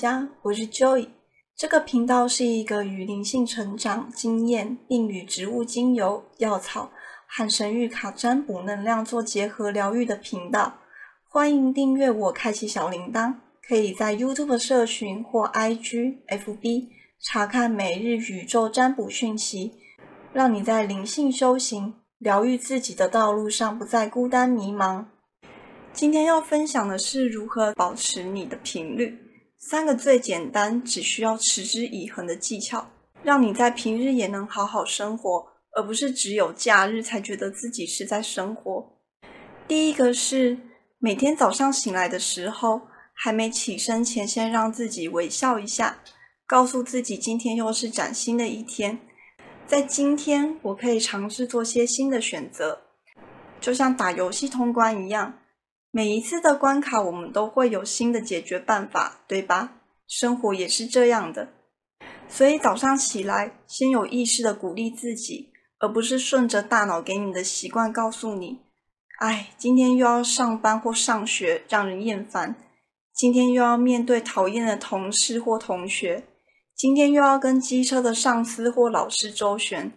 家，我是 Joey。這個頻道是一個與靈性成長經驗並與植物精油、藥草、和神諭卡、占卜能量做結合療癒的頻道。歡迎訂閱我，開啟小鈴鐺。可以在 YouTube 社群或 IG、FB 查看每日宇宙占卜訊息，讓你在靈性修行、療癒自己的道路上不再孤單迷茫。今天要分享的是如何保持你的頻率。三個最簡單、只需要持之以恆的技巧，讓你在平日也能好好生活，而不是只有假日才覺得自己是在生活。第一個是每天早上醒來的時候，還沒起身前，先讓自己微笑一下，告訴自己今天又是嶄新的一天，在今天我可以嘗試做些新的選擇，就像打遊戲通關一樣。每一次的關卡，我們都會有新的解決辦法，對吧？生活也是這樣的，所以早上起來，先有意識的鼓勵自己，而不是順着大腦給你的習慣告訴你：“唉，今天又要上班或上學，讓人厭煩；今天又要面對討厭的同事或同學；今天又要跟機車的上司或老師周旋；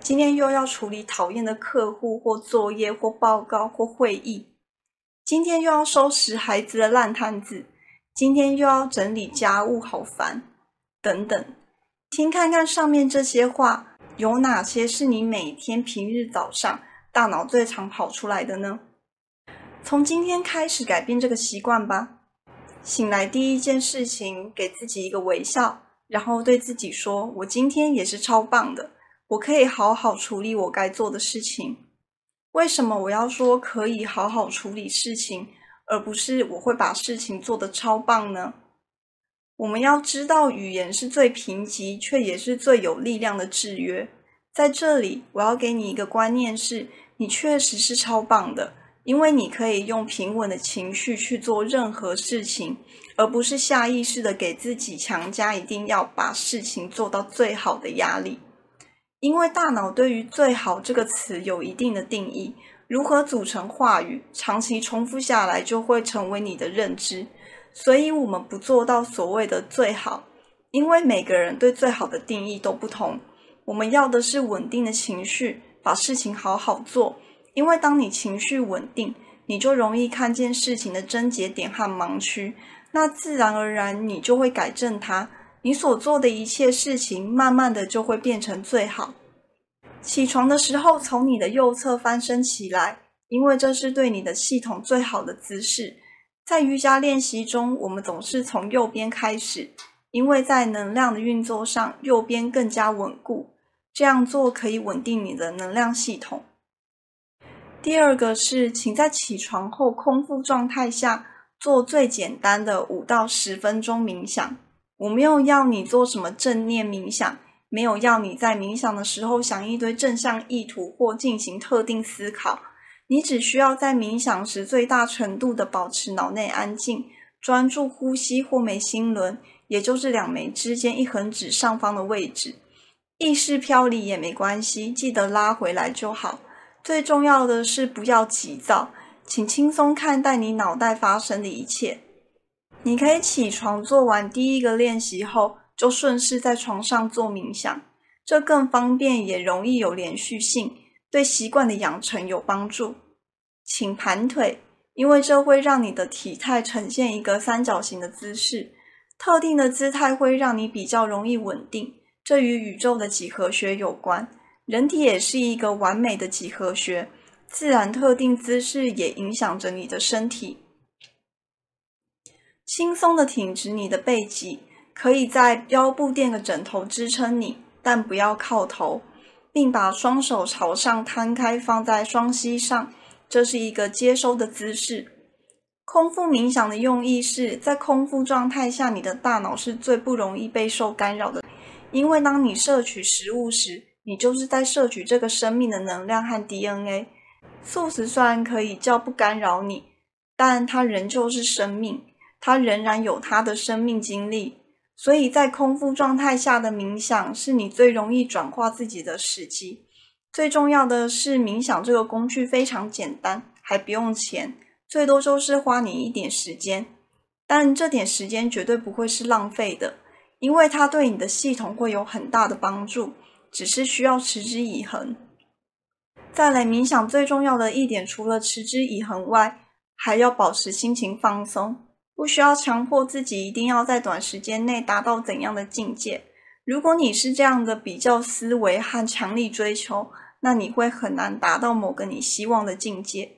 今天又要處理討厭的客戶或作業或報告或會議。”今天又要收拾孩子的爛攤子，今天又要整理家務，好煩，等等。聽看看上面這些話，有哪些是你每天平日早上大腦最常跑出來的呢？從今天開始改變這個習慣吧。醒來第一件事情，給自己一個微笑，然後對自己說：“我今天也是超棒的，我可以好好處理我該做的事情。”為什麼我要說可以好好處理事情，而不是我會把事情做得超棒呢？我們要知道，語言是最貧瘠，卻也是最有力量的制約。在這裡，我要給你一個觀念是，你確實是超棒的，因為你可以用平穩的情緒去做任何事情，而不是下意識的給自己強加一定要把事情做到最好的壓力。因為大腦對於“最好”這個詞有一定的定義，如何組成話語，長期重複下來就會成為你的認知。所以，我們不做到所謂的“最好”，因為每個人對“最好”的定義都不同。我們要的是穩定的情緒，把事情好好做。因為當你情緒穩定，你就容易看見事情的癥結點和盲區，那自然而然你就會改正它。你所做的一切事情，慢慢的就會變成最好。起床的時候，從你的右側翻身起來，因為這是對你的系統最好的姿勢。在瑜伽練習中，我們總是從右邊開始，因為在能量的運作上，右邊更加穩固。這樣做可以穩定你的能量系統。第二個是，請在起床後空腹狀態下，做最簡單的五到十分鐘冥想。我沒有要你做什麼正念冥想，沒有要你在冥想的時候想一堆正向意圖或進行特定思考。你只需要在冥想時最大程度地保持腦內安靜，專注呼吸或眉心輪，也就是兩眉之間一橫指上方的位置。意識飄離也沒關係，記得拉回來就好。最重要的是不要急躁，請輕鬆看待你腦袋發生的一切。你可以起床做完第一個練習後，就順勢在床上做冥想，這更方便也容易有連續性，對習慣的養成有幫助。請盤腿，因為這會讓你的體態呈現一個三角形的姿勢。特定的姿態會讓你比較容易穩定，這與宇宙的幾何學有關。人體也是一個完美的幾何學，自然特定姿勢也影響着你的身體。輕鬆地挺直你的背脊，可以在腰部墊個枕頭支撐你，但不要靠頭，並把雙手朝上攤開放在雙膝上，這是一個接收的姿勢。空腹冥想的用意是在空腹狀態下，你的大腦是最不容易被受干擾的，因為當你攝取食物時，你就是在攝取這個生命的能量和 DNA。素食雖然可以較不干擾你，但它仍舊是生命。他仍然有他的生命經歷，所以在空腹狀態下的冥想是你最容易轉化自己的時機。最重要的是，冥想這個工具非常簡單，還不用錢，最多就是花你一點時間。但這點時間絕對不會是浪費的，因為它對你的系統會有很大的幫助，只是需要持之以恆。再來，冥想最重要的一點，除了持之以恆外，還要保持心情放鬆。不需要強迫自己一定要在短時間內達到怎樣的境界。如果你是這樣的比較思維和強力追求，那你會很難達到某個你希望的境界。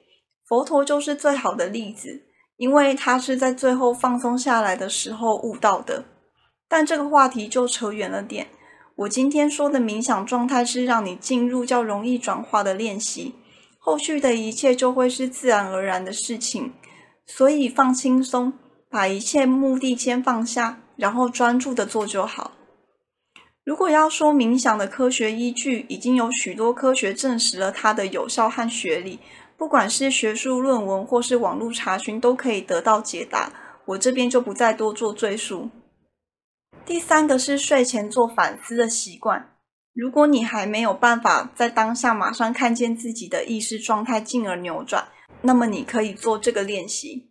佛陀就是最好的例子，因為他是在最後放鬆下來的時候悟道的。但這個話題就扯遠了點。我今天說的冥想狀態是讓你進入較容易轉化的練習，後續的一切就會是自然而然的事情。所以放輕鬆。把一切目的先放下，然後專注地做就好。如果要說冥想的科學依據，已經有許多科學證實了它的有效和學理，不管是學術論文或是網絡查詢，都可以得到解答。我這邊就不再多做贅述。第三個是睡前做反思的習慣。如果你還沒有辦法在當下馬上看見自己的意識狀態，進而扭轉，那麼你可以做這個練習。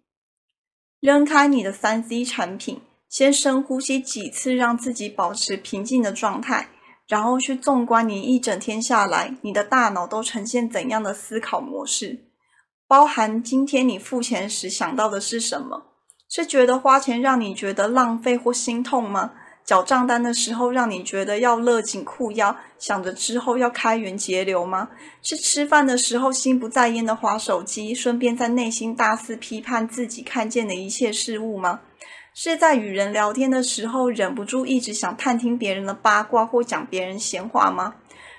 扔開你的 3C 產品，先深呼吸幾次，讓自己保持平靜的狀態，然後去縱觀你一整天下來，你的大腦都呈現怎樣的思考模式？包含今天你付錢時想到的是什麼？是覺得花錢讓你覺得浪費或心痛嗎？繳賬單的時候，讓你覺得要勒緊褲腰，想着之後要開源節流嗎？是吃飯的時候心不在焉的滑手機，順便在內心大肆批判自己看見的一切事物嗎？是在與人聊天的時候忍不住一直想探聽別人的八卦或講別人閒話嗎？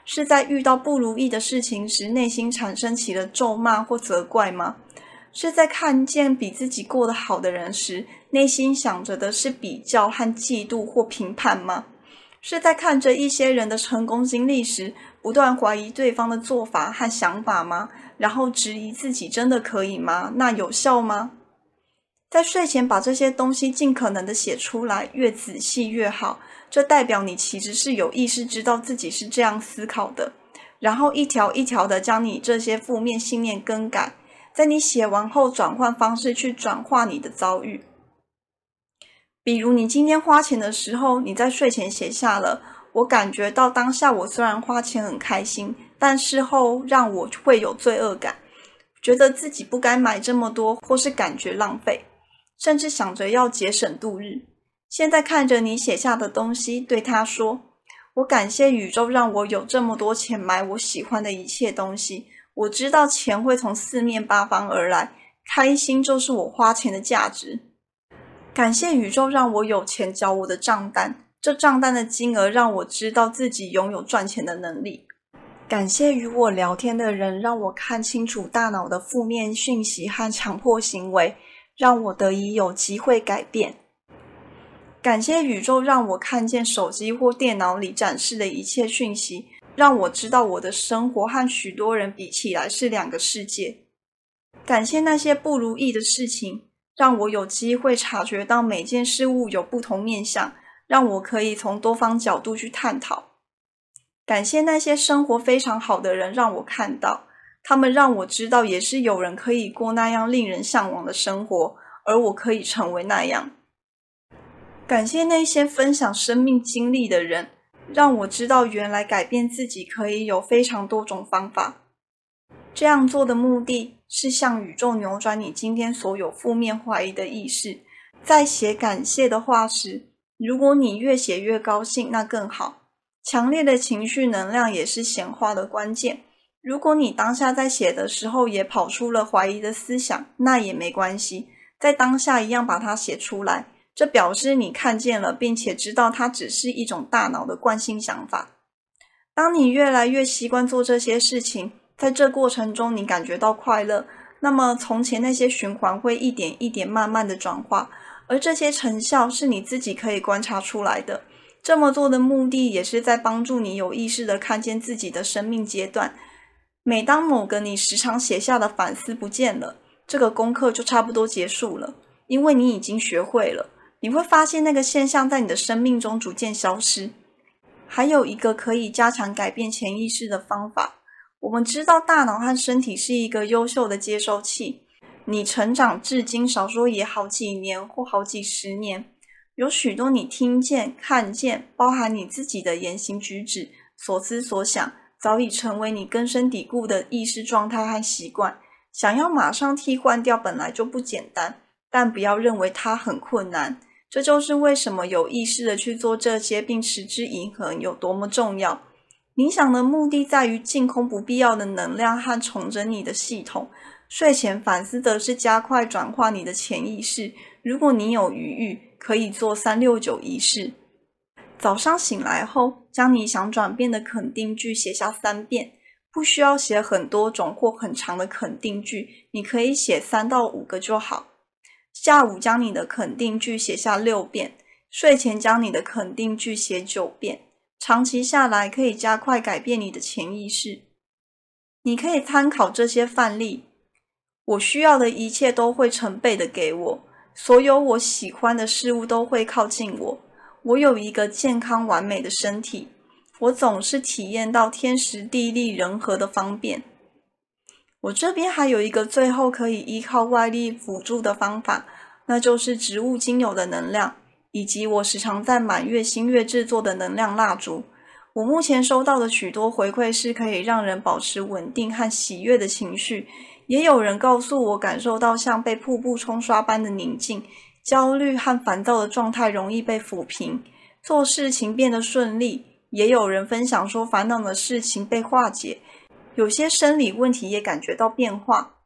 是在遇到不如意的事情時內心產生起了咒罵或責怪嗎？是在看見比自己過得好的人時，內心想着的是比較和嫉妒或評判嗎？是在看着一些人的成功經歷時，不斷懷疑對方的做法和想法嗎？然後質疑自己真的可以嗎？那有效嗎？在睡前把這些東西盡可能的寫出來，越仔細越好。這代表你其實是有意識知道自己是這樣思考的，然後一條一條的將你這些負面信念更改。在你寫完後，轉換方式去轉化你的遭遇。比如，你今天花錢的時候，你在睡前寫下了：“我感覺到當下，我雖然花錢很開心，但事後讓我會有罪惡感，覺得自己不該買這麼多，或是感覺浪費，甚至想着要節省度日。”現在看着你寫下的東西，對他說：“我感謝宇宙讓我有這麼多錢買我喜歡的一切東西。”我知道錢會從四面八方而來，開心就是我花錢的價值。感謝宇宙讓我有錢繳我的賬單，這賬單的金額讓我知道自己擁有賺錢的能力。感謝與我聊天的人，讓我看清楚大腦的負面訊息和強迫行為，讓我得以有機會改變。感謝宇宙讓我看見手機或電腦裡展示的一切訊息。讓我知道我的生活和許多人比起來是兩個世界。感謝那些不如意的事情，讓我有機會察覺到每件事物有不同面向，讓我可以從多方角度去探討。感謝那些生活非常好的人，讓我看到他們，讓我知道也是有人可以過那樣令人向往的生活，而我可以成為那樣。感謝那些分享生命經歷的人。讓我知道，原來改變自己可以有非常多種方法。這樣做的目的是向宇宙扭轉你今天所有負面懷疑的意識。在寫感謝的話時，如果你越寫越高興，那更好。強烈的情緒能量也是顯化的關鍵。如果你當下在寫的時候也跑出了懷疑的思想，那也沒關係，在當下一樣把它寫出來。這表示你看見了，並且知道它只是一種大腦的慣性想法。當你越來越習慣做這些事情，在這過程中你感覺到快樂，那麼從前那些循環會一點一點慢慢的轉化，而這些成效是你自己可以觀察出來的。這麼做的目的也是在幫助你有意識的看見自己的生命階段。每當某個你時常寫下的反思不見了，這個功課就差不多結束了，因為你已經學會了。你會發現那個現象在你的生命中逐漸消失。還有一個可以加強改變潛意識的方法。我們知道大腦和身體是一個優秀的接收器。你成長至今，少說也好幾年或好幾十年，有許多你聽見、看見，包含你自己的言行舉止、所思所想，早已成為你根深蒂固的意識狀態和習慣。想要馬上替換掉本來就不簡單，但不要認為它很困難。這就是為什麼有意識的去做這些，並持之以恆有多麼重要。冥想的目的在於淨空不必要的能量和重整你的系統。睡前反思的是加快轉化你的潛意識。如果你有餘裕，可以做三六九儀式。早上醒來後，將你想轉變的肯定句寫下三遍，不需要寫很多種或很長的肯定句，你可以寫三到五個就好。下午將你的肯定句寫下六遍，睡前將你的肯定句寫九遍，長期下來可以加快改變你的潛意識。你可以參考這些範例，我需要的一切都會成倍的給我，所有我喜歡的事物都會靠近我。我有一個健康完美的身體，我總是體驗到天時地利人和的方便。我這邊還有一個最後可以依靠外力輔助的方法，那就是植物精油的能量，以及我時常在滿月、新月制作的能量蠟燭。我目前收到的許多回饋是可以讓人保持穩定和喜悅的情緒，也有人告訴我感受到像被瀑布沖刷般的寧靜，焦慮和煩躁的狀態容易被撫平，做事情變得順利。也有人分享說煩惱的事情被化解。有些生理問題也感覺到變化。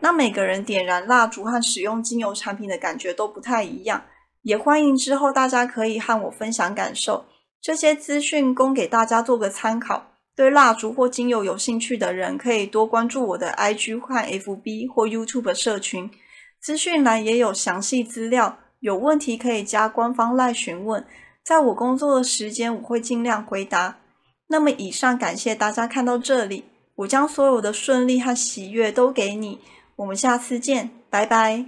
那每個人點燃蠟燭和使用精油產品的感覺都不太一樣，也歡迎之後大家可以和我分享感受。這些資訊供給大家做個參考。對蠟燭或精油有興趣的人，可以多關注我的 IG 換 FB 或 YouTube 社群。資訊欄也有詳細資料，有問題可以加官方 Line 詢問。在我工作的時間，我會盡量回答。那麼以上，感謝大家看到這裡。我將所有的順利和喜悅都給你。我們下次見，拜拜。